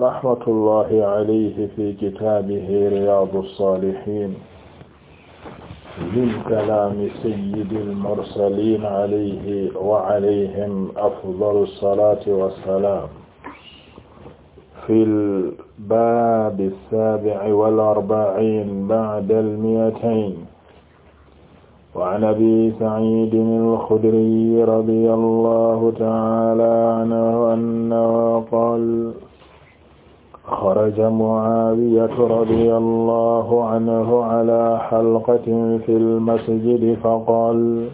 rahmatullahi alayhi fi kitaabihi Riyâdous-Sâlihîne min kalaami sayyidil mursaliin alayhi wa alayhim afdalu salaati wa salaam fil baabi saabi'i wal arba'iin ba'dal mi'atayn وعن أبي سعيد الخدري رضي الله تعالى عنه أنه قال xaraja mucaawiyatu radiyallahu anhu calaa xalqatin fil masjidi faqaala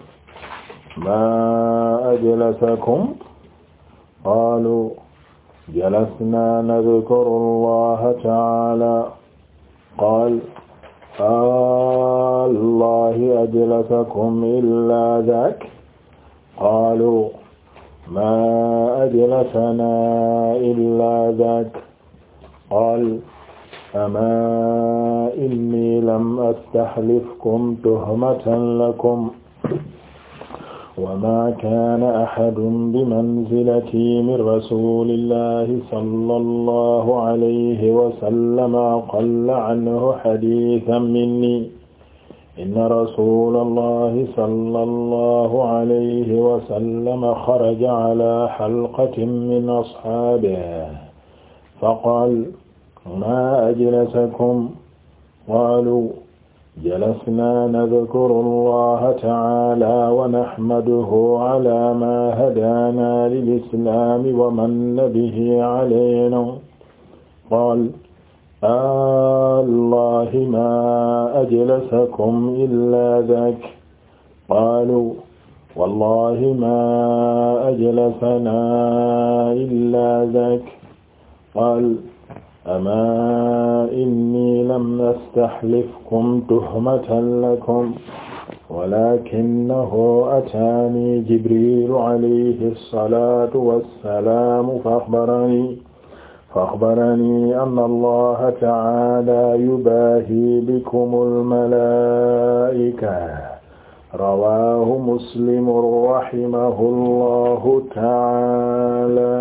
maa ajlasakum qaaluu jalasnaa nadkuru llaaha tacaalaa qaala allaahi ajlasakum illaa zaak qaaluu maa ajlasanaa illaa zaak qaal ama inni lam astaxlifkum tuhmatan lakum wa ma kaana axadun bimanzilatii min rasuulillahi sallallahu alayhi wa sallam aqalla canhu xadiisan minni inna rasuulallahi sallallahu alayhi wa sallam xaraja calaa xalqatin min asxaabihi faqaal maa ajlasakum qaalu jalasnaa nadkuru allaha ta'aalaa wa nahmaduhu alaa maa hadaanaa lil-islaami wa manna bihi alaynaa qaala allahi maa ajlasakum illaa zaak qaaluu wallaahi maa ajlasanaa illaa zaak qaala ama inni lam astaxlifkum tuhmatan lakum walakinahu ataani jibrilu alayhi alsalatu wassalamu fa axbarani fa axbarani anna allaha taala yubahi bikum almalaika rawaahu muslim rahimahullahu taala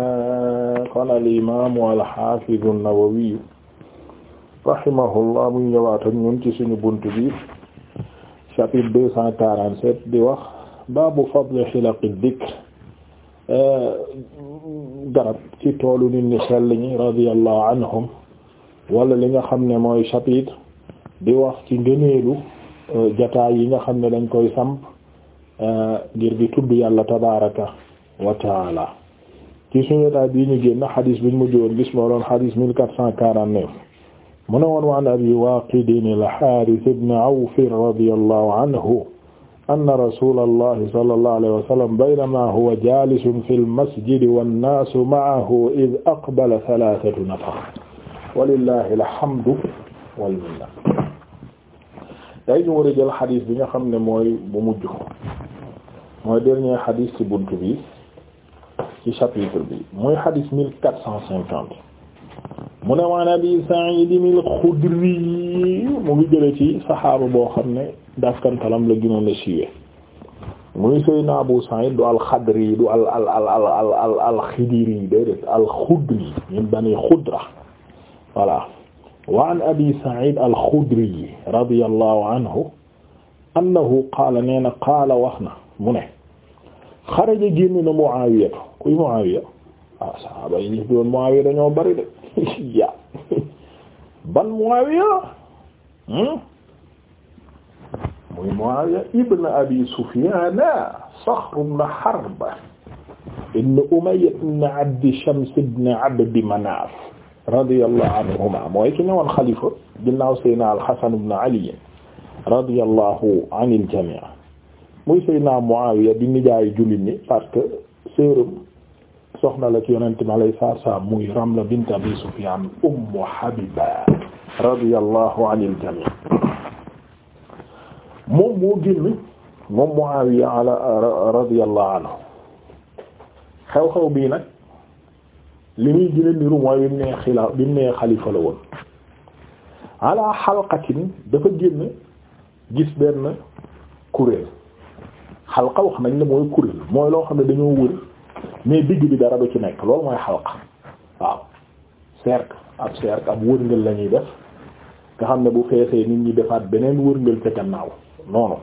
kon al imaamu al haafizu an-Nawawi rahimahullah muy ñëwaat ak ñun ci suñu bunt bi chapitre deux cent quarante-sept di wax baabu fadli xilaqi dikr euh, garab ci toolu nit ñi sell ñi radiyallahu anhum wala li nga xam ne mooy chapitre di wax ci ngëneelu jataay yi nga xam ne dañ koy samp euh, ngir di tudd yàlla tabaraka wa taala ci suñu daal bi ñu génn xadis biñ mujj woon gis moo doon xadis mille quatre cent quarante neuf mu ne woon wa an abi waqid al-Harith ibn Awf radiyallahu anhu anna rasulallahi sallallahu alayhi wa sallam baynama huwa jalisun fil masjidi wan-nasu ma'ahu idh aqbala thalathatu nafar walillahi alhamdu wal minna tey ñu a jël xadis bi nga xam ne mooy bu mujj mooy dernier xadis ci bunt bi ci chapitre bi mooy xadis mille quatre cent cinquante mu ne waan abi Sa'id al-Khudri mu ngi jële ci saxaaba boo xam ne dafkantalam la gënoon la siiwee muy Seydina Abu Sa'id du al-Khadri du al al al al al al al Khidri déedéet al-Khudri min bani Khudra voilà wa an abi sa'id al-khudri radiyallahu anhu annahu qaala nee na qaala wax na mu ne xaraja génn na Muawiya kuy Muawiya ah sahaaba yi ñu doon Muawiya dañoo bari de ya ban Muawiya hmm? muy Muawiya ibn abi Sufyaan Saxr ibn Harb ibn Umayya ibn Abdi Shams ibn Abdi Manaaf radiyallahu anhuma mooy ki newoon xalifa ginnaaw Seydina al-Hasan ibn Ali radiyallahu anil jamii muy Seydina Muawiya di nijaayu jullit ñi parce que séeram soxna la ci yonente mi alayhi salaatu salaam muy Ramla bint Abi Sufyaan ummu Habiba radiyallahu anil jamii moom moo génn moom Muawiya ala radiyallahu anhu xew-xew bii nag li muy jëlee niru mooy bi mu nee xila bi mu nee xalifa la woon ala xalqatin dafa génn gis benn kuréel xalqa wax nañ la mooy kuréel mooy loo xam ne dañoo wër mais digg bi dara du ci nekk loolu mooy xalqa waaw cercle ab cercle ab wërngël la def nga xam ne bu feesee nit ñi defaat beneen wërngël ca gannaaw noonu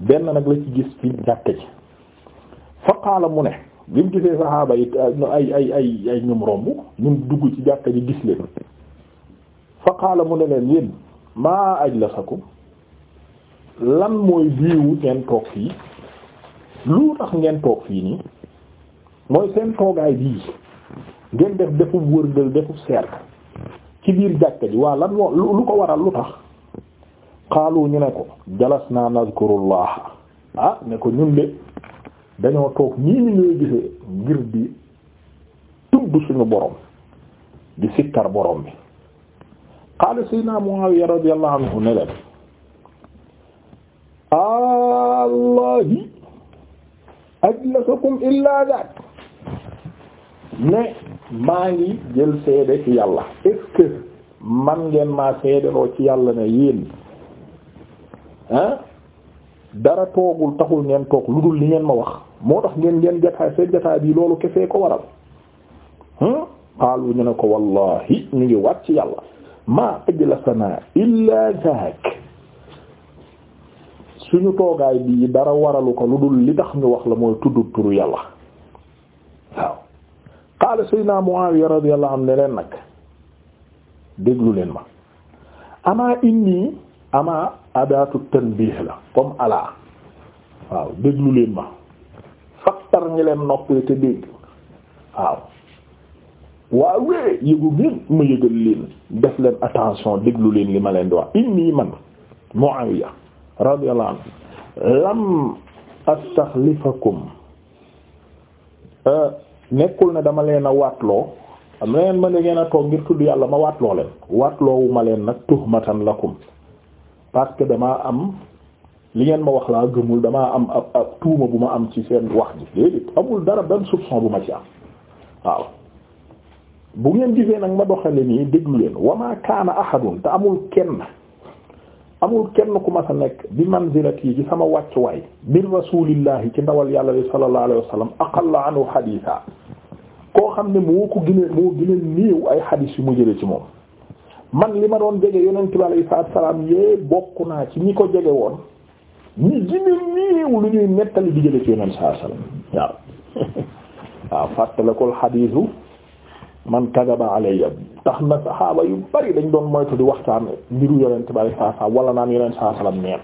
benn nag la ci gis ci jàkk ji fa mu ne bi mu gisee saxaaba yi ay ay ay ay ñum romb ñun dugg ci jàkka ji gis leen fa qaala mu ne leen yéen maa ajlasakum lan mooy biiwu ngeen toog fii lu tax ngeen toog fii nii mooy seen toogaay bii ngeen def defub wërngël defub cercle ci biir jàkka ji waa lan moo lu ko waral lu tax xaalu ñu ne ko jalas naa nazkurullah ah ne ko ñun de dañoo toog ñii ñu ñuy gisee ngir di tudd suñu borom di sikkar borom bi qaala sayyidina Muawiya radiyallahu anhu ne leen allahi ajlasakum illa daat ne maa ngi jël seede ci yàlla est-ce man ngeen maa seedeloo ci yàlla ne yéen ah dara toogul taxul ngeen toog lu dul li ngeen ma wax moo tax ngeen ngeen jataay seen jataay bi loolu kefee ko waral qaalu ñu ne ko wallahi ñu ngi wàcc yàlla maa ajlasanaa illaa zaak suñu toogaay bii dara waralu ko lu dul li tax ñu wax la mooy tudd turu yàlla waaw qaala sayyidina Muawiya radiyallahu anhu ne leen nag déglu leen ma amaa inni ama adatu tanbih la comme ala waaw déglu leen ma faktar ñi leen noppee te dégg waaw waawee yëgu ngeen ma yëgal leen def leen attention déglu leen li ma leen di wax inni man Muawiya radiyallahu anhu lam astaxlifakum euh, nekkul dama leen a waatloo am na leen ma ne ngeen a toog ngir tudd yàlla ma waatloo leen waatloowu ma leen nag tuhmatan lakum parce que damaa am li ngeen ma wax laa gëmul damaa am ab tuuma bu ma am ci seen wax ji léegi amul dara benn soupçon bu ma ci am waaw bu ngeen gisee nag ma doxale nii déglu leen wama kaana ahadun te amul kenn amul kenn ku ma sa nekk bi manzilati yi ci sama wàccuwaay bir rasulillahi ci ndawal yàlla li sallallahu alayhi wa sallam aqalla koo xam ne moo ko gën moo gën a néew ay hadith yu mu jëlee ci moom man li ma doon jege yonent bi alayhi salaatu salaam yee bokk naa ci ñi ko jege woon ñi gën a lu ñuy nettali di jële ci yonent saa salaam waaw waaw fàttalikul xadiisu man kadaba alayya tax na saxaaba yu bari dañ doon moytu di waxtaan mbiru yonent bi alayhi salaatu salaam wala naan yonent saa salaam nee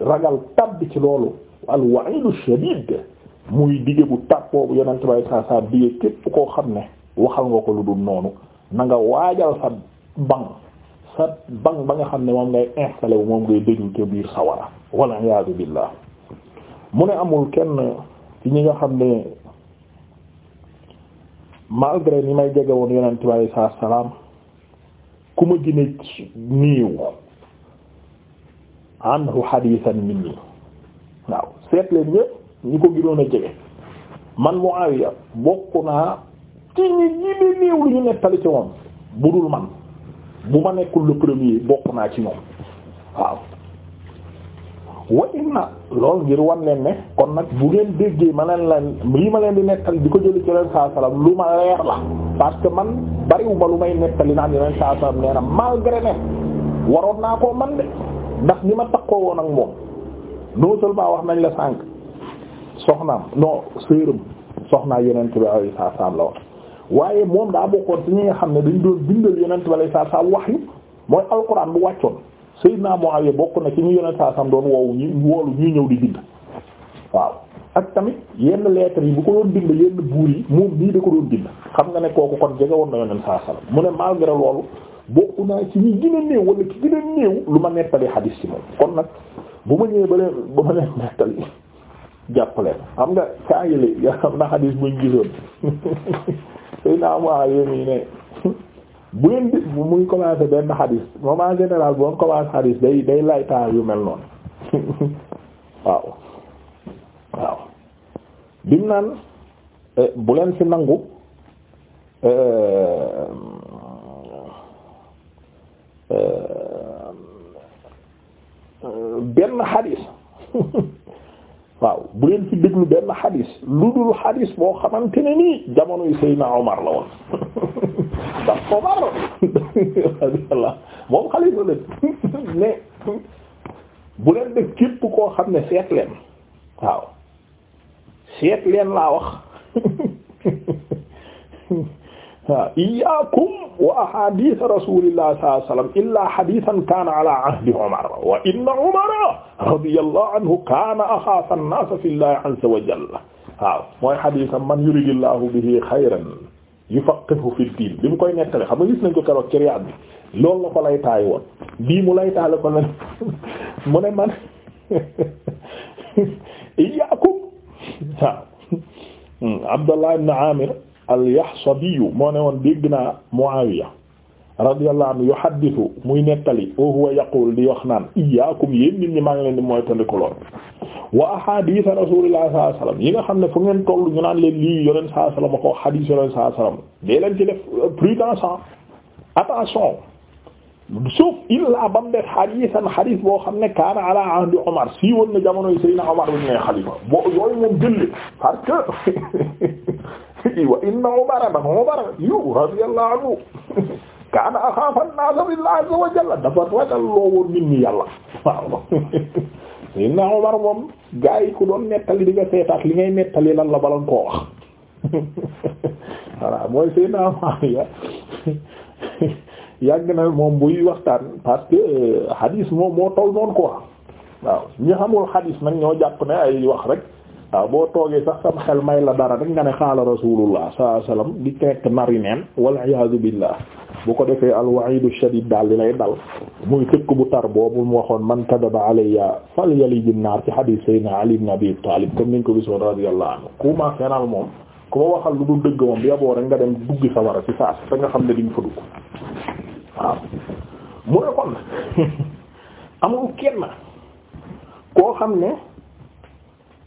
na ci loolu dige bu tàb boobu képp koo xam ne waxal nga ko lu dul noonu. na nga waajal sa banq sa banq ba nga xam ne moom ngay installé wu moom ngay déglu te biir sawara walla iyaazu billaah mu ne amul kenn ci ñi nga xam ne malgré ni may jege woon yonent bi alayhi salaatu salaam ku ma gën a néew anhu hadiisan minni waaw seet leen ñépp ko gënoon a jege man Muawiya bokk naa ci ñi ñi néew lu ñu nettali ci moom bu dul man bu ma nekkul le premier bokk naa ci ñoom waaw wa inna loolu ngir wan leen ne kon nag bu ngeen déggee ma leen leen lii ma leen di nettali di ko jëli ci leen saa lu ma leer la parce que man bariwu ma lu may nettali naan yeneen saa salaam nee malgré ne waroon naa koo man de ndax ni ma takkoo woon ak moom non seulement wax nañ la sànq soxnaam non séeram soxnaa yeneen bi ay saa salaam la woon waaye moom daa bokkoon ci ñi nga xam ne dañ doon bindal yonent bi alayhi salaatu salaam wax yu mooy alquran bu wàccoon Seydina Muawiya bokk na ci ñu yonent saa sam doon woowu ñu woolu ñuy ñëw di bind waaw ak tamit yenn lettres yi bu ko doon bind yenn buur yi moom nii da ko doon bind xam nga ne kooku kon jege na yonent saa sallam mu ne malgré loolu bokk naa ci ñi gën néew wala ki gën néew lu ma nettali xadis ci moom kon nag bu ma ñëwee ba leen ba xam na xadis buñ gisoon suy naa mu wax yéen yi ne bu leen di bu muy benn xadis moom en général bu mu commencé xadis day day laytaa yu mel noonu waaw waaw bim naan eh, bu leen fi nangu eh, eh, benn xadis waaw bu leen fi déglu benn xadis lu dul xadis boo xamante ne nii jamono yu Seydina Omar la woon ndax Omar moom xalifa la bu leen def képp koo xam ne seet leen waaw seet leen laa wax waaw iyaakum wa ahadith rasulillah sallallahu alayhi wa sallam illaa hadithan kaana ala ahdi Umar wa inna Umara radiyallahu anhu kaana axaafa an-naasa fi llahi azza wa jalla waaw mooy haditham man yuridillahu bihi xayran yufaqihu fi diin bi mu koy nettale xam nga gis nañ ko keroog ci Riyaad bi loolu la ko lay taay woon bii mu lay taale ko len mu ne man iyaakum waaw hmm, Abdallah ibn Amir al-Yahsabiyu moo ne woon dégg naa Muawiya radiyallahu anhu yuhaddithu muy nettali wa huwa yaqul di wax naan iyyaakum yéen nit ñi maa ngi leen di mooy tandikaloon wa ahadith rasulillahi sallallahu alayhi wasallam yi nga xam ne fu ngeen toll ñu naan leen lii yoneen sallallahu alayhi wasallam ko hadith yoneen sallallahu alayhi wasallam dee leen ci def euh, prudence attention sauf illaa ba mu def hadisan hadith boo xam ne kaana ala ahdi Omar sii woon na jamonoy Seydina Omar bu ñu nee xalifa boo yooyu moom jëlee parce que wa inna Umar nag Umar yow radiyallahu anhu kaana axaafa an-naasa billahi azza wa jalla dafa ragal loo nit ñi yàlla waaw inna Umar moom ku doon nettali di nga li ngay nettali lan la balan koo wax voilà mooy Seydina Muawiya yàgg na moom buy waxtaan parce que euh, moom moo toll noonu quoi waaw ñi xamul hadis nag ñoo jàpp ne ay wax rek waaw boo toogee sax sam xel may la dara rek nga ne xaala rasulullah sallallahu alayhi wasallam di tekk nari neen wal iyaadu billah bu ko defee al wa'idu shadid daal li lay dal muy tëkk bu tar boobu mu waxoon man kadaba alayya falyalij an-naar ci hadith sayyidina ali ibn abi talib comme niñ ko gisoon radiyallahu anhu ku ma fenal moom ku ma waxal lu dul dëgg moom bi yaboo nga dem duggi sa war a ci saas te nga xam ne diñ fa dugg waaw mu ne kon amul kenn koo xam ne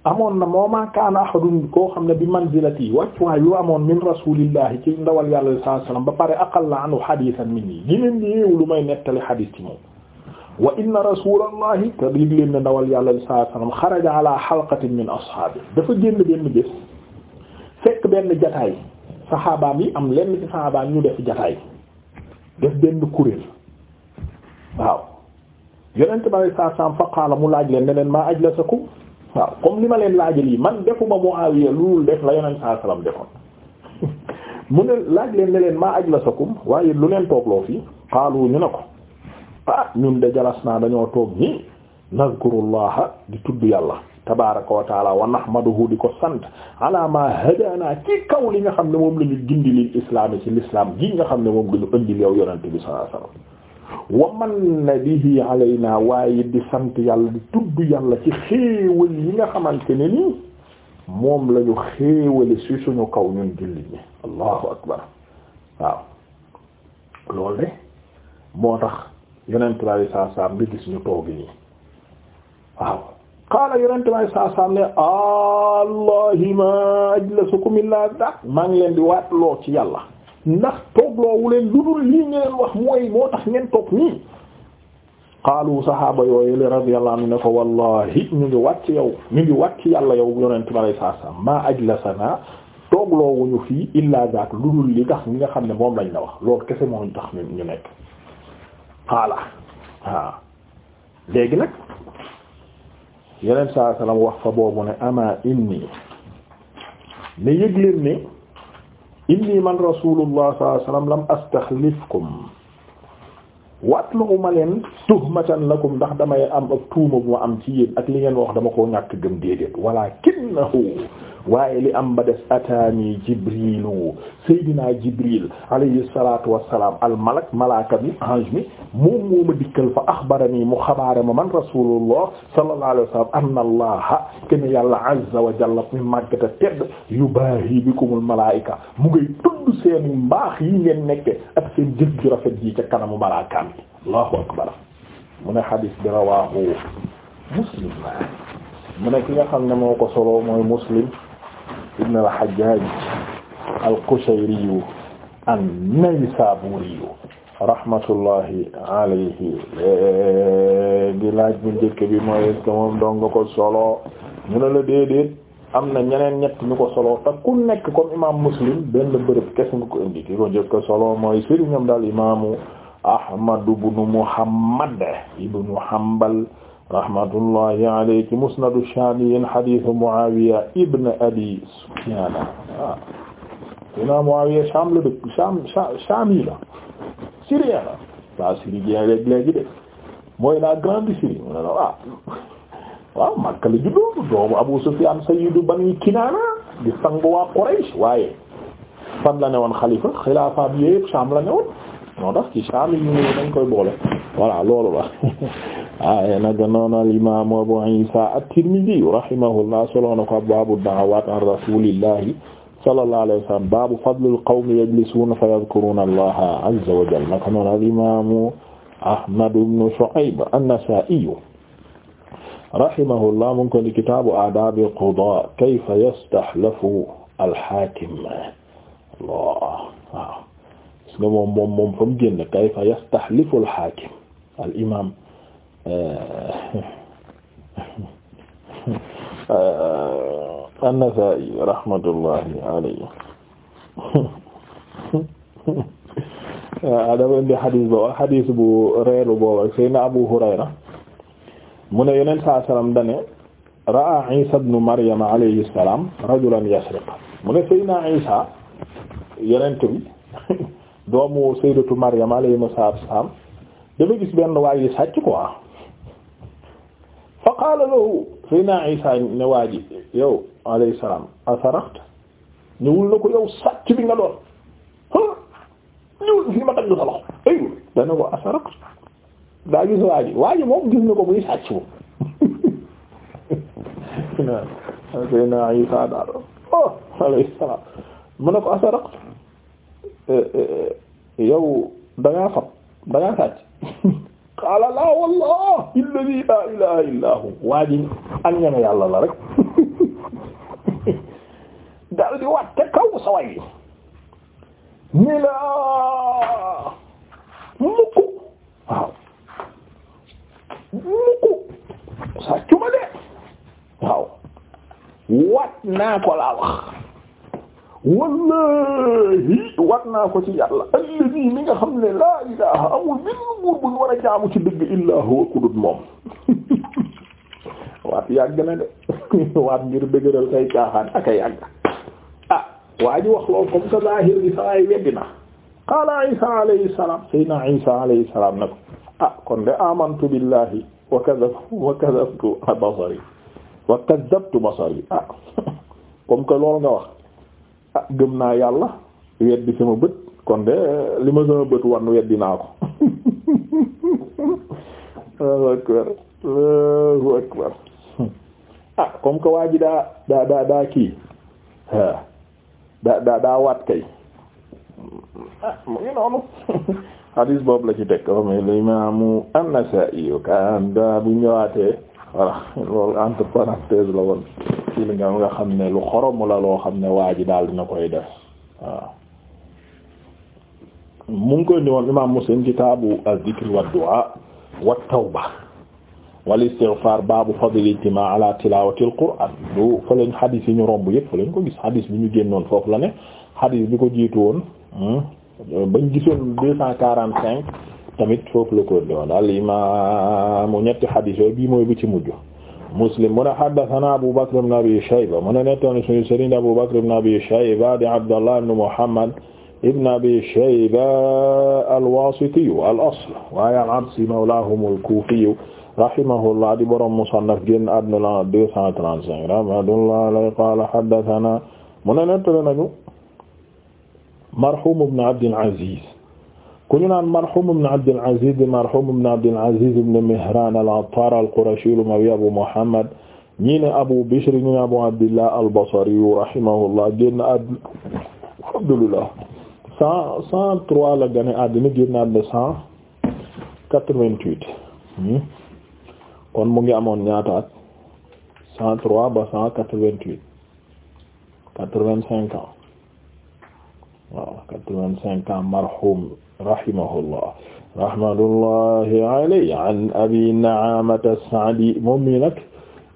amoon na moomaa kaana ahadun koo xam ne bi manzilati wàccuwaay yu amoon min rasulillahi ci ndawal yàlla sallallahu alayhi wasallam ba pare aqalla anhu hadithan minni gineen di yéew lu may nettali hadis ci moom wa inna rasulallahi te yëg leen ne ndawal yàlla sallallahu alayhi wasallam xaraja ala halqatin min ashaabi dafa génn benn bés fekk benn jataay saxaabaam yi am lenn ci saxaabaam ñu def jataay def benn kuréel waaw yonent bi sallallahu alayhi wasallam fa qaala mu laaj leen ne leen maa ajlasakum waaw comme li ma leen laajal yi man defuma Muawiya loolu def la yonent saa salaam defoon mu ne laaj leen ne leen maa ajlasakum waaye lu leen toogloo fii xaalu ñu ne ko ah ñun de jalas naa dañoo toog nii nazkurullaha di tudd yàlla tabaaraka wa taala wa nahmaduhu di ko sant ala ma hadana ci kaw li nga xam ne moom la ñu gindi lil islaam ci lislaam gi nga xam ne moom la ñu indi yow yonent bi sallallahu alayhi wa manna bihi alaynaa waaye di sant yàlla di tudd yàlla ci xéewal yi nga xamante ni nii moom lañu xéewale si suñu kaw ñun jullit ñi allahu akbar waaw loolu de moo tax yonent bi saa saam bi gis ñu nii waaw qaala yonent bi saa saam maa ngi leen di waat loo ci yàlla ndax toogloowu leen lu dul lii ngeen wax mooy moo tax ngeen toog nii qaalu sahaaba yooyu li radiyallahu anhu ne ko wallahi ñu ngi wàcc yow ñu ngi wàcc yàlla yow yonente bi alay saa salam maa ajlasana toogloowuñu fii illa zaak lu dul li tax nga xam ne moom lañ la wax loolu kese moo ñu tax ñu nekk xaala léegi nag yeneen saa sallam wax fa boobu ne ama inni ne yëg ne inni man rasulullah sallallahu alayhi wasallam lam astaxlifkum waatluma leen tuhmatan lakum ndax damay am ak tuuma bu ma am ci yéen ak li ngeen wax dama koo ñàkk gëm déedéet walakinahu waaye li am ba des ataani jibrilu seydina jibril alayhi salatu wassalam al malak malaka mi ange mi moom moo ma dikkal fa axbarani mu xabaare ma man rasulullah sallallahu alayhi wa sallam anna allaha kenn yàlla azza wa jalla mi màggata tedd yubaahi bikumul malaika mu ngay tudd seeni mbaax yi ngeen nekke ak seen jëf ju rafet yi ca kanamu malaakaam yi akbar mu ne xadis bi rawaahu muslim mu ne ki nga xam ne moo ko solo mooy muslim ibn al-Hajjaj al-Qushayri an-Naysaburi rahmatullahi alayhi di laaj bu njëkk bi mooy est-ce moom dong ko solo ñu ne la déedéet am na ñeneen ñett ñu ko solo te ku nekk comme imam Muslim benn bërëb kes nga ko indi ki ko njëkk ko solo mooy sëriñam daal imaamu Ahmad ibn Muhammad ibn Hanbal rahmatullahi alayhi ci musnadu shaamiyin hadiisu Muawiya ibn Abi Sufyaan waaw dina Muawiya Shaam la dëkk Shaam Shaami la Syrie la waaw Syrie gi léegi léegi de mooy la grande Syrie mu ne la waaw waaw Makka la juddoo doomu Abu Sufyaan sayyidu Bani Kinaana di sangu waa Quraysh waaye fan la ne woon xalifa xilaafa bi yépp Shaam la ne woon moo tax ci Shaam yi ñu dañ koy boole voilà loolu la ah naka noonu al imaamu Abu Isa at-Tirmidhi rahimahullah solo na ko abwaabu da'awaat an rasuulillahi sallallahu alayhi wa sallam baabu fadlil qawmi yajlisuuna fa yadhkuruuna allaha azza wa jalla naka noonu al imaamu Ahmad ibn Shu'ayb an-Nasaa'i rahimahullah mu ngi ko ni kitaabu aadaabil qudaa kayfa yastahlafu al-haakim Allah waaw gis nga moom moom moom fa mu génn kayfa yastahlifu al-haakim al imaam an-Nasaa'i rahmatullahi alayhi dafa indi xadis boobu xadis bu reelu boobu ak Abu Hurayra mu ne Yonent saa salaam dane ra'a Isa ibnu Maryam alayhi salaam rajulan yasriq mu ne Seydina Isa Yonent bi doomu Sayyidatu Maryam alayhi salaam dafa gis benn waay yi sàcc quoi fa qaala lahu sayna Isa ne waa ji yow alayhi salaam asaraxt ñëwul na ko yow sàcc bi nga doon ñëwul fi ma tagg sa loxo ay dana ko asaraxt daa gis waa ji waa ji moom gis na ko muy sàcc bu sayna Isa daal oh alayhi salaam mu ne ko asaraxt eh, eh, eh, yow dangaa fab dangaa sàcc qaala laa wallah illadi laa ilaha illaa waa ji ak ñeme la rek dal di waat te kaw sa way ni laa mukk waaw mukk sa cuma de waaw waat naa ko laa wax wallahi war naa ko ci yàlla alladi mi nga xam ne laa ilaha jaamu ci dëgg illaa huwa kudut moom waat yàgg na de waat ngir dëgëral say caaxaan ak a yàgg ah waa wax lool comme que zahir bi sawaay weddi na qaala isa alayhi salaam sayna isa alayhi salaam na ko ah kon de amantu billahi wa kadhabtu basari wa kadhabtu basari ah que lool ah gëm naa yàlla weddi sama bët kon de li ma sama bët wan weddi naa ko Allahu akbar Allahu akbar ah comme que waa ji daa daa daa daa kii daa daa daa waat kay ah mu ngi noonu hadis boobu la ci teg ko mais li imaamu An-Nasaa'i kan daa voilà loolu entre parenthèses la woon ci nga xam ne lu xorom loo xam ne waa ji daal dina koy def waaw mu ngi koy ndiwoon imam Muslim kitaabu az-zikr wa du'a ba tawba wal istighfar baabu fadl ijtima ala tilawati al-qur'an du fa lañ xadis yi ñu romb yëpp fa lañ ko gis xadis bi ñu génnoon foofu la ne xadis bi ko jiitu woon hmm, bañ gisoon deux cent quarante cinq tamit foofu la ko doon al imam ñetti hadis yooyu bii mooy bu ci mujj Muslim mu ne haddathana Abu Bakr ibn Abi Shayba mu ne nettoon suñu sëriñ Abu Bakr ibn Abi Shayba di Abdallah ibn Muhammad ibn Abi Shayba al-Wasiti al-asl waaye al-Absi mawlahum al-Kufi rahimahullah di borom Musannaf génn àdduna la 235 rahmatullahi alayhi qala haddathana mu ne nettoon nañu marhum ibn Abd al-Aziz ku ñu naan marhum ibn Abd al-Aziz marhum ibn Abd al-Aziz ibn Mihran al Abu Muhammad ñi ne Abu Bishr ñi Abu Abdillah al-Basri rahimahullah génn àddina alhamdulillah quatre-vingt-huit hmm? kon mu ngi amoon ñaata at cent ba quatre-vingt-huit quatre-vingt-cinq ans waaw cinq rahimahullah rahmatullahi alayhi an abi naamata saadi moom mi nag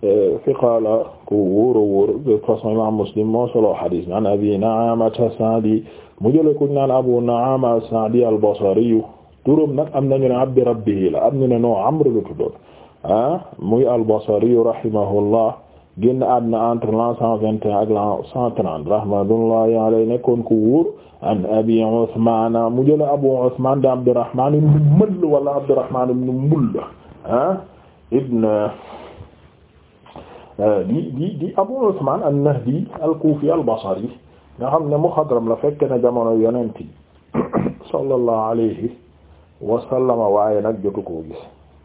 e, fiqaala ku wóor a wóor de façon imam muslim moo solo hadis an abi naamata saadi mu jële kuñ naan abu naama saadi albasariyu turam nag am nañu ne abdi rabbihi la am nañu ne noo amr la tuddoon ah muy albasariyu rahimahullah génn àdduna entre l'an 121 ak l'an 130 rahmatullahi alayhi nekkoon ku an abi Usmaan mu jëla abu Usmaan da Abdurrahmaan ibn Mull wala Abdurrahmaan ibn Mull ah ibn euh, di abu Usmaan an-Nahdi al-Kufi nga xam ne muxadram la fekk na jamono yonent sallallahu alayhi wa sallama nag jotu koo gis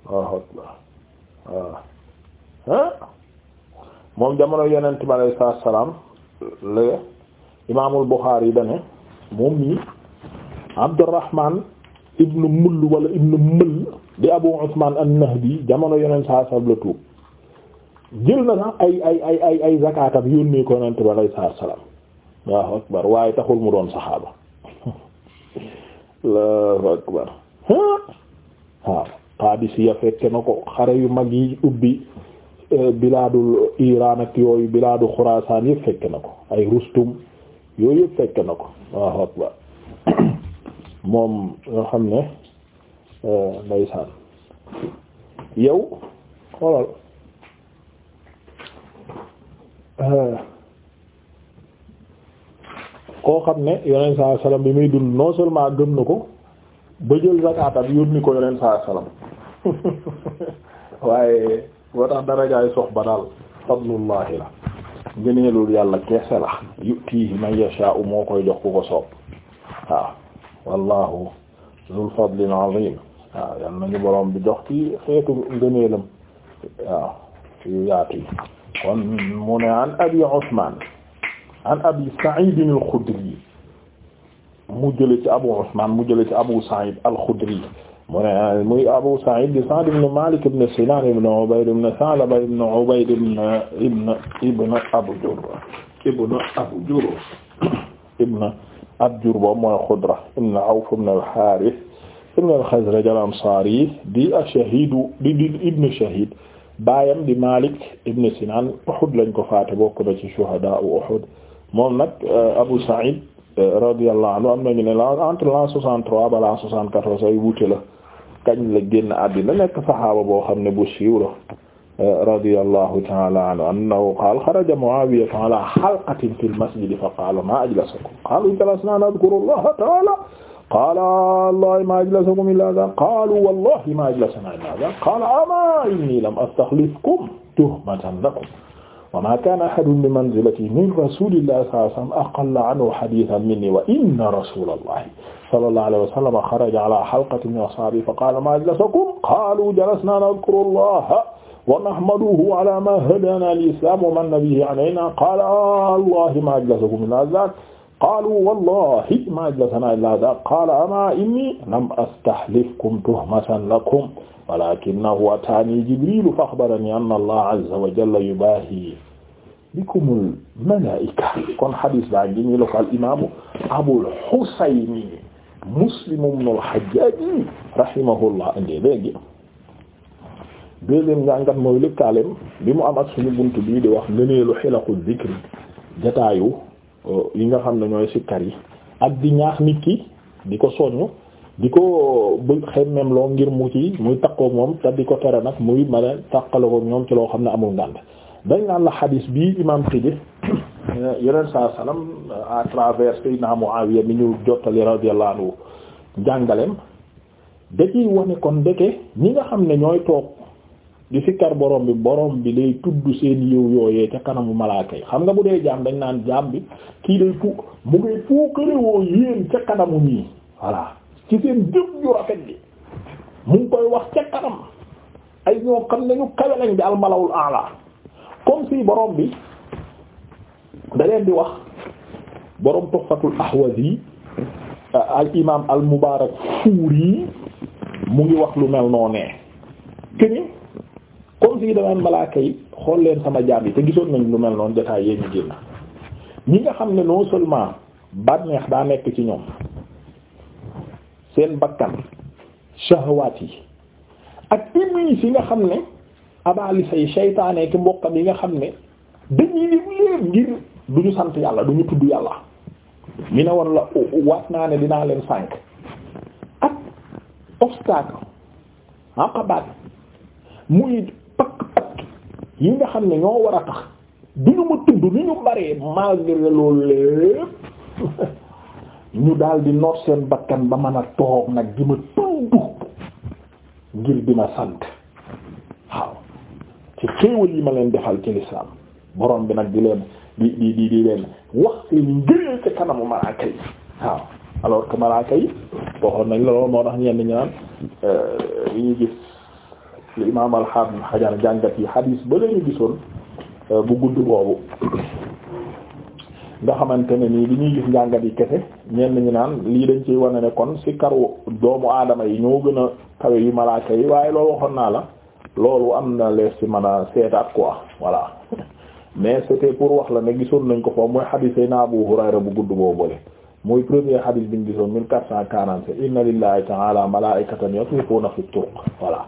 waaw ah, moom jamono yonent bi alayhi salaatu salaam la imaamul Buxaari yi dane moom mii Abdurrahman ibnu Mull wala ibnu Mull di Abu Usman an jamono yonent saa salaam la tuub jël na sax ay ay ay ay ay zakaatam yónnee ko yonent bi alayhi salaatu salaam Allahu akbar waaye taxul mu doon saxaaba waaw Qaadisiya fekke na ko xare yu mag yi ubbi Euh, bilaadul Iran ak yooyu bilaadu Xuraasaan yëpp fekk na ko ay Rustum yooyu yëpp fekk na ko waaw waaw moom yoo xam ne euh, ndeysaan yow xoolal euh, koo xam ne yoneen saa salaam bi muy dund non seulement gëm na ko ba jël zakaatam yónni ko yoneen saa salaam waaye boo tax darajaay soxba daal fadlullahi la ngëneelul yàlla keese la man yasha'u moo koy jox ko soob waaw wallahu zul fadlil azim waaw yal nañu borom bi jox ci xeetu yi kon mu an abi Usman an abi Sa'id al-Khudri mu ci abu Usman mu jële ci abu Sa'id al-Khudri mu ne ah, muy Abu Sa'id di Sa'd ibn Malik ibn Sinan ibn Ubayd ibn Sa'laba ibn Ubayd ibn ibn ibn Abu Jurr ibn Abu Jurr ibn Abu Jurr boobu mooy Xudra ibn Awf ibn al-Harith ibn al-Khazraj al-Ansari di ash-Shahid di di ibn Shahid baayam di Malik ibn Sinan Uhud lañ ko faate bokk na ci shuhadaa Uhud moom nag eh, Abu Sa'id eh, radiyallahu anhu am nañu ne la entre l'an 63 ba l'an 74 ay wuute la kañ la génn àddina nekk saxaaba boo xam ne bu siiw la eh, radiyallahu ta'ala anhu annahu qaala xaraja Mu'aawiya ala halqatin fil masjid fa qaala maa ajlasakum qaaluu jalasnaa nadhkurullaha ta'aala qaala wallaahi maa ajlasakum illaa zaan qaaluu wallaahi maa ajlasanaa illaa zaan qaala amaa innii lam astakhlifkum tuhmatan lakum wa maa kaana ahadun bi manzilatii min rasuulillaahi sallallaahu alayhi wa sallam aqalla anhu hadiithan minnii wa inna rasuulallaah sallallahu alayhi wa sallam xaraja ala halqatin min ashaabihi fa qaala maa ajlasakum qaaluu jalasnaa nadhkuru llaha wa nahmaduhu ala maa hadaanaa lil islaam wa manna bihi alaynaa qaala allahi maa ajlasakum illaa zaak qaaluu wallahi maa ajlasanaa illaa zaak qaala amaa innii lam astahlifkum tuhmatan lakum walaakinnahu ataanii jibriilu fa axbaranii anna allaha azza wa jalla yubaahii bikumul malaa'ika kon hadiis baa ngi nii la ko al imaamu Abul Husayni Muslim ibn al-Hajjaj rahimahullah indi léegi nga ngat mooy lëkkaaleem bi mu am ak suñu bunt bii di wax ngëneelu xilaqu zikri jataayu euh, yi nga xam ne ñooy sikkar yi ak di ñaax nit ki di ko soññ di ko bëgg xemmem loo ngir mu ci muy takkoo moom te di ko tere nag muy mën a ko ñoom ci loo xam ne amul ngànt dañ naan la xadiis bii imaam tëje yeneen saa salaam à travers Seydina Muawiya mi ñu jottali radiyallahu anhu jàngaleem da ciy wane kon ndeke ñi nga xam ne ñooy toog di sikkar borom bi borom bi day tudd seen yiw yooyee ca kanamu malaaka xam nga bu dee jaam dañ naan jaam bi kii day fu mu ngay fuukarewoo yéen ca kanamu nii voilà ci seen jëf yu rafet bi mu ngi koy wax ca kanam ay ñoo xam ne ñu bi almalawul ala comme si borom bi da leen di wax borom tuhfatul ahwazi al imaam al mubaarak fuuri mu ngi wax lu mel noo ne këni comme si danaan malaaka yi xool leen sama jaam yi te gisoon nañ lu mel noonu jotaay yee ñu génn ñi nga xam ne non seulement bànneex daa nekk ci ñoom seen bakkan shahawaat yi ak iblis yi nga xam ne abalisa yi seytaane ki mbokkam yi nga xam ne dañuy leen ngir du ñu sant yàlla du ñu tudd yàlla mi ne war la waat naa ne dinaa leen sànk ak obstacle aqabaat muy pakk pakk yi nga xam ne ñoo war a tax du ñu ma tudd ni ñu baree malgré lépp ñu daal noot seen bakkan ba mën a toog nag di ma tudd ngir di ma sant waaw ci xéewal yi ma leen defal ci lislaam borom bi nag di leen di di di di leen wax leen ngëneel ca kanamu malaaka yi waaw alors que malaaka nañ la loolu moo tax ñenn ñu naan euh, li yi hadis ba lañu euh, bu gudd boobu nga xamante ne nii li ñuy gis njàngat yi kese ñenn ñu naan lii dañ ciy wane ne kon si karu doomu aadama yi ñoo gën a kawe yi waaye loolu waxoon naa la loolu am na lees ci mën a seetaat quoi voilà mais c'était pour wax la ne gisoon nañ ko foofu mooy xadis ay na Abu Hurayra bu gudd boobule mooy premier xadis bi ñu gisoon mille quatre cent quarante-sept inna lillahi ta'ala malaa'ikatan yatufuna fi turuq voilà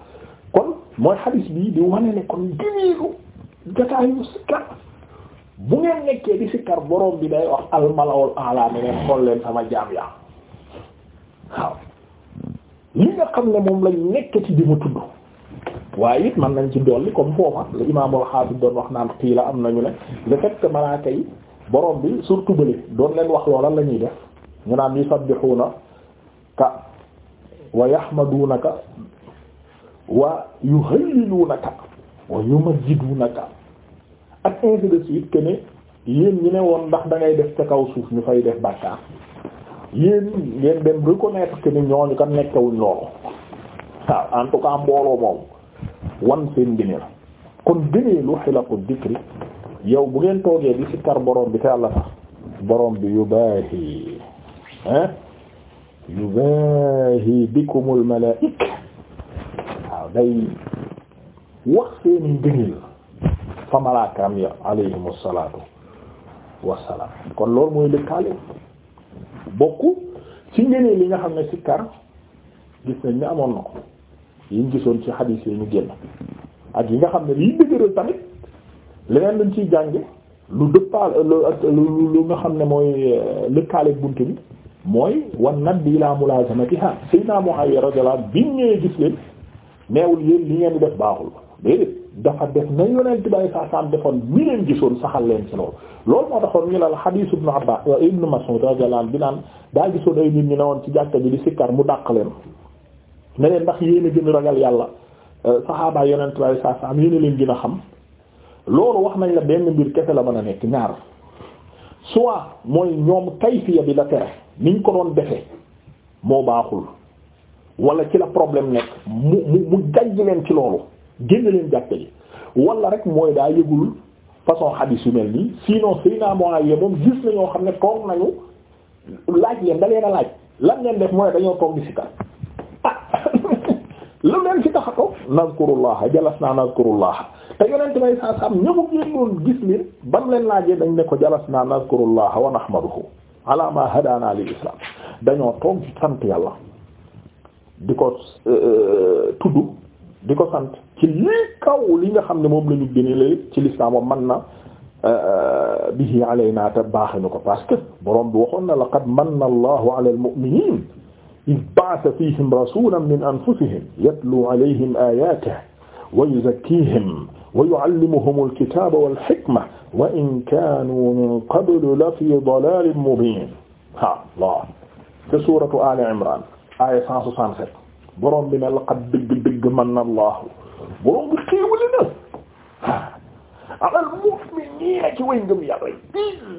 kon mooy xadis bi di wane ne kon géneelu jataayu sikkar bu ngeen nekkee di sikkar borom bi day wax almalawul ala ne neen xool leen sama jaam yaa waaw li nga xam ne moom lañ nekkati di ma tudd waaye it man nañ ci dolli comme foofa la imaam al doon wax naan la am nañu ne le fait que malaaka yi borom bi surtout ba bële doon leen wax loola la ñuy def ñu naan yusabbihuna ka wa yahmadunaka wa yuhallilunaka wa yumajjidunaka ak ainsi de suite que yéen ñi ne woon ndax dangay def ca kaw suuf ñu fay def bàkkaar yéen ngeen dem reconnaître que ni ñooñu ka nekkewuñ loolu waaw en tout cas mbooloo moom wan seen ngëneel kon gëneelu xilaqu dikri yow bu ngeen toogee di sikkar borom bi te yàlla tax borom bi yubaahi ah yubaahi bikumul malaa'ika waaw day wax seen ngëneel kon loolu mooy lëkkaale li nga xam ne sikkar gis nañ ne amoon na ko yiñ gisoon ci xadiis yi ñu ak yi nga xam ne lii dëgëral tamit leneen luñ ciy jànge lu dëppaal lu nga xam ne mooy euh, lëkkaale bunt bi mooy wan nat bi laa mulazamatiha Seydina Muawiya radiyallahu anhu biñ ñëwee gis leen neewul yéen li ngeen di def baaxul déedéet dafa def na yonent bi saa saam defoon mi leen gisoon saxal leen ci loolu loolu moo taxoon ñu lal xadiis Ibnu Abbaas Ibnu Mas'ud radiyallahu anhu bi naan daa gisoon ay nit ñu ne woon ci jàkka ji di sikkar mu dàq leen ne leen ndax yéen a gën a ragal yàlla euh, saxaaba yonent bi saa saa am yeneen leen gën a xam loolu wax nañ la benn mbir kese la mën a nekk ñaar soit mooy ñoom kayfiya bi la tere niñ ko doon defee moo baaxul wala ci la problème nekk mu mu mu jàjj leen ci loolu génn leen jàppe ji wala rek mooy daa yëgul façon xadiis yu mel nii sinon Seydina Muawiya moom gis na ñoo xam ne toog nañu laaj leen da leen a laaj lan ngeen def mooy dañoo toog di sikar lu leen ci tax a ko nazkurullaha jalasna nazkurullaha te yonent may saa saam ñëmu ngeen doon gis leen ban leen laajee dañ ne ko jalasna nazkurullaha wa nahmaduhu ala ma hadana lil islam dañoo toog sant yàlla di ko euh, euh, tudd di ko sant ci lii kaw li nga xam ne moom lañu ñu gënale ci l'islam man na euh, bihi alayna te baaxe ñu ko parce que borom bi waxoon na laqad manna allahu ala al mu'minin إذ بعث فيهم رسولا من أنفسهم يتلو عليهم آياته ويزكيهم ويعلمهم الكتاب والحكمة وإن كانوا من قبل لفي ضلال مبين Allah te suuratu Ali Imran aaya 167 borom bi ne laqad dëgg dëgg man Allahu borom bi xéewal na alal mu'miniina ci way ngëm yàlla yi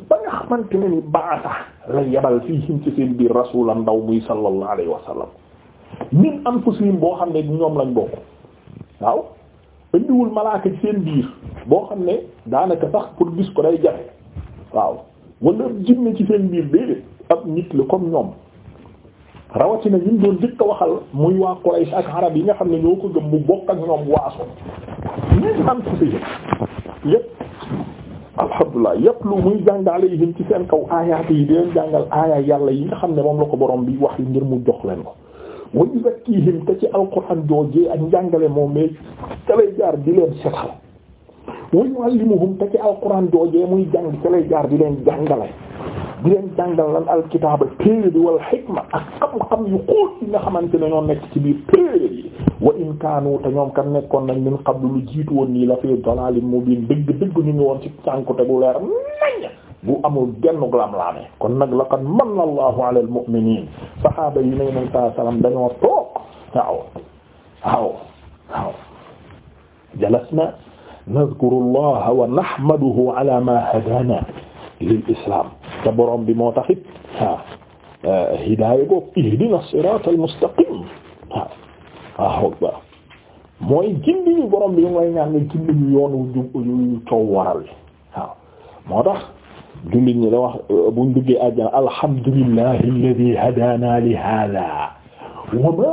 ba nga xamante ne ni baasa la yebal fii ci seen biir rasulan ndaw muy sallallahu alayhi wa sallam min anfusihim boo xam ne ñoom lañ bokk waaw indiwul malaaka ci seen biir boo xam ne daanaka sax pour gis ko day jafe waaw wala jinne ci seen biir déedéet ak nit la comme ñoom rawatina ñu doon dëkk a waxal muy waa Quraysh ak arab yi nga xam ne ñoo ko gëm mu bokk ak ñoom waaso ñun am ci yëpp alhamdulilah yëpp lu muy jàngale yi ci seen kaw aayaat yi di leen jàngal aayaat yàlla yi nga xam ne moom la ko borom bi wax ngir mu jox leen ko. wa yuzakkihim te ci alquran joojee ak njàngale moom mais ca lay jaar di leen setal wa yuallimuhum te ci alquran joojee muy jàng ca lay jaar di leen jàngale. di leen jàngal lan alkitaaba téere wal xikma ak xam-xam yu xóot yi nga xamante ne ñoo nekk ci biir téere te ñoom kan nekkoon nañ min qablu lu jiitu woon nii la fi dalaalin mubiin dëgg dëgg ñu ngi woon ci cànkute gu leer nañ bu amul genn glam-laamee kon nag laqad manna allahu ala al mu'miniin sahaaba yi nañ nañ saa salaam dañoo toog waaw waaw waaw jalasna nazkuru allaha wa nahmaduhu ala ma hadana lil islam te borom bi moo tax it waaw euh, hidaaya googu ihdina siraatal mustaqim waaw waaw waaw mooy gindi ñu borom bi ñu ngay ñaan nga gindi ñu yoon wu jub yu coow waral waaw moo tax jullit ñi da wax euh, buñ duggee àjjana alhamdulillahi alladhi hadana li hada wa ma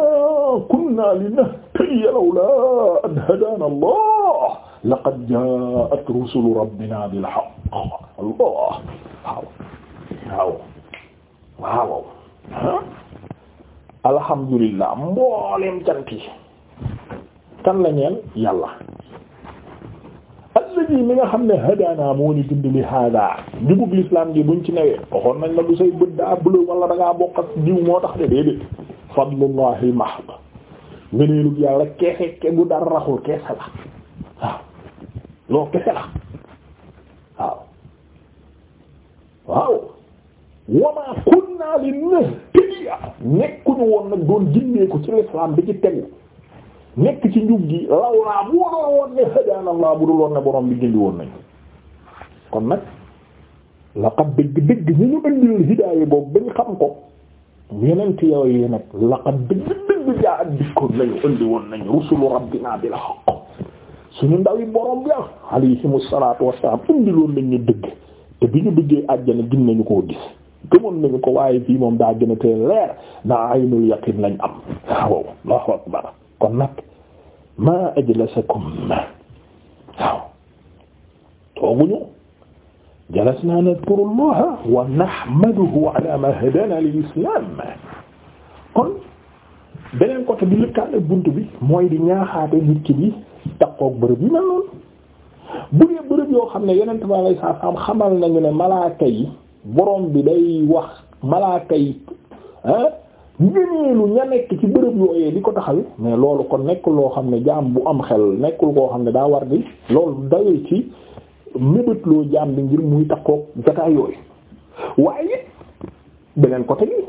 kunna linahtadiya lawla an hadana allah laqad ja'at rusulu rabbina bil haqq allah waaw waaw waaw alhamdulillah mbooleem cant yi kan la ñeel yàlla alladi mi nga xam ne hadaana moo ni dindili hada jubub l'islam gi buñ ci newee waxoon nañ la du say bët daa bleu wala da ngaa bokk moo tax de déedéet fadlullahi mahd ngëneelug yàlla keexe ke bu dara raxul keese la waaw loo keese la waaw waaw wama kunna li nahtadiya nekkuñu woon nag doon jimmee ko ci l'islam bi ci tegu nekk ci njub gi lawlaa bu waroon woon ne hadaanallah bu dul woon ne borom bi gindi woon nañ kon nag laqad dëgg dëgg ñu ñu xam ko yenent yooyu nag laqad dëgg dëgg jaa ak dikkoon lañu indi woon nañ rusulu rabbina bil haqq suñu ndawi borom bi alayhimu salaatu wassalaam indiloon nañ ñu dëgg te bi ñu duggee àjjana gin nañu ko gis gëmoon nañu ko waaye fii moom daa gën a teel leer naa aynul yaqin lañ am waaw Allahu akbar kon nag maa ajlasakum waaw tooguñu jalasnaa nadkuru Allaha wa nahmaduhu ala ma hadana lil islam kon beneen côté bi lëkkaale buntu bi mooy di ñaaxaate nit ki bi takkook bërëb yi mel noonu bu bërëb yoo xam ne yonent bi sallallahu alayhi wasallam xamal nañu ne malaaka yi borom bi day wax malaaka yi ah, ngëneelu ña nekk ci bërëb yooyee di ko taxal mais loolu ko nekkul loo xam ne jaam bu am xel nekkul koo xam ne daa war di loolu dawee ci mébét loo jaam bi ngir muy takkook jataay yooyu waaye it beneen côté bi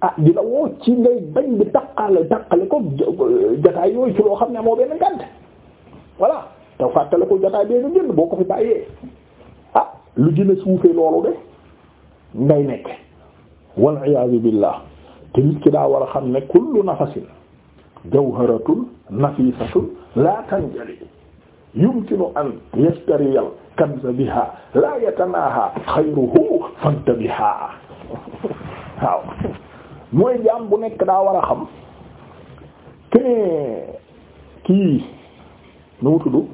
ah di la woo ci ngay bañ bi takkale takkale ko jataay yooyu ci loo xam ne amoo benn ngànt voilà te fàttale ko jataay benn ngënd boo ko fi bàyyee lu gën a suufee loolu de ngay nekk wal iyaazu billah te nit ki daa war a xam ne kullu nafasin jawharatun nafisatun la tanjali yumkinu an yastariyal kanza biha la yatanaha xayruhu fantabiha waaw mooy jaam bu nekk daa war a xam kene kii nu mu tudd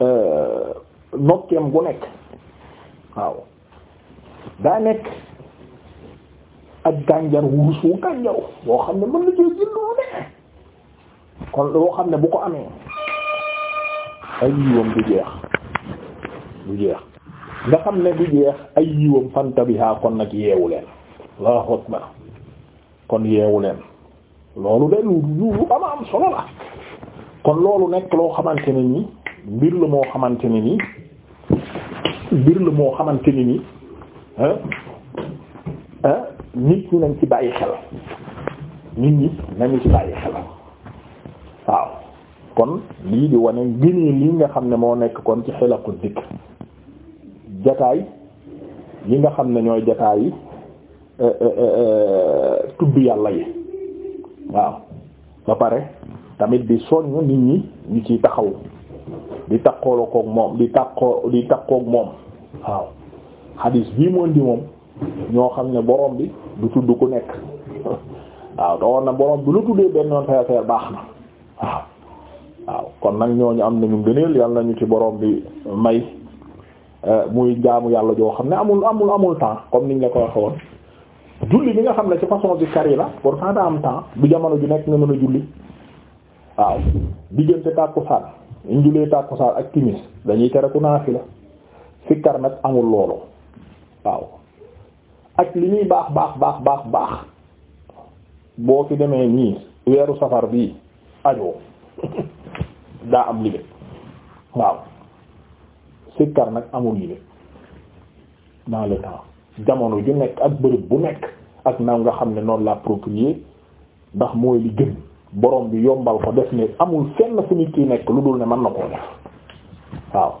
euh, nokkeem gu nekk waaw daa nekk ak gànjar wurusu gànjaru boo xam ne mën na cee jël lu ne kon xam ne bu ko amee ay yiwam du jeex du jeex nga xam ne du jeex ay yiwam fantabiha kon nag yeewu leen Allahu akbar kon yeewu leen loolu de lu kon loolu nekk loo xamante ne ni mbir la moo xamante ne ni mbir la moo xamante ni ni nit ñi nañ ci bàyyi xel nit ñi nañu ci bàyyi xel waaw kon lii di wane gënee lii nga xam ne moo nekk kon ci xelaku dikk jataay yi nga xam ne ñooy jataay eh, eh, eh, tudd yàlla yi waaw ba pare tamit di soññ nit ñi ñu ciy taxaw di takkoo koog moom di takkoo di takkoog moom waaw xadiis bii mu indi moom ñoo xam ne boroom bi du tudd ku nekk waaw da woon na borom bi lu tuddee benn yoon feefeer baax na waaw kon nag ñooñu am na nañu gëneel yal nañu ci boroom bi may eh, muy jaamu yàlla joo xam ne amul amul amul temps comme niñ la ko waxee woon julli bi nga xam ne ci façon bi yi la pourtant daa am temps bu jamono ju nekk nga mën a julli waaw diggante tàkkusaan ñu julee tàkkusaan ak timis dañuy tere ku la sikkar nag amul loolu waaw ak li ñuy baax baax baax baax baax boo fi demee nii weeru safar bii ajoo daa am liggéey waaw sikkar nag amul liggéey dans le temps jamono ju nekk ak bërëb bu nekk ak naw nga xam ne noonu la approprié ndax mooy li gën borom bi yombal ko def ne amul fenn fu nit ki nekk lu dul ne man na koo def waaw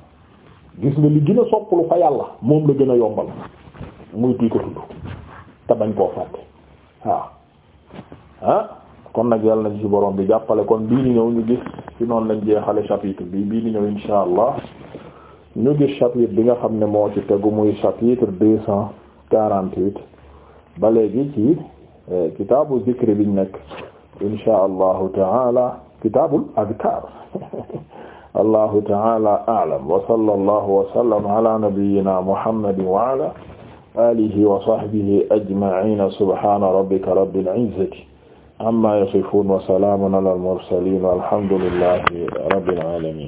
gis nga li gën a sopplu fa yàlla moom la gën a yombal muy tuy ko tudd te bañ koo fàtte waaw ah kon nag yàlla nañ ci borom bi jàppale kon bii ni ñëw ñu gis ci noonu lañ jeexale chapitre bi bii ni ñëw insha allah ñu gis chapitre bi nga xam ne moo ci tegu muy chapitre deux cent quarante-huit ba léegi ci eh, kitaabu zikri biñ nekk insha allahu taala kitaabul adkaar allahu taala a'lam wa sallallahu wa sallam ala nabiyyina muhammadin wa ala alihi wa sahbihi ajma'in subhana rabbika rabbil izzati amma yasifun wa salamun ala al mursalin walhamdulillahi rabbil alamin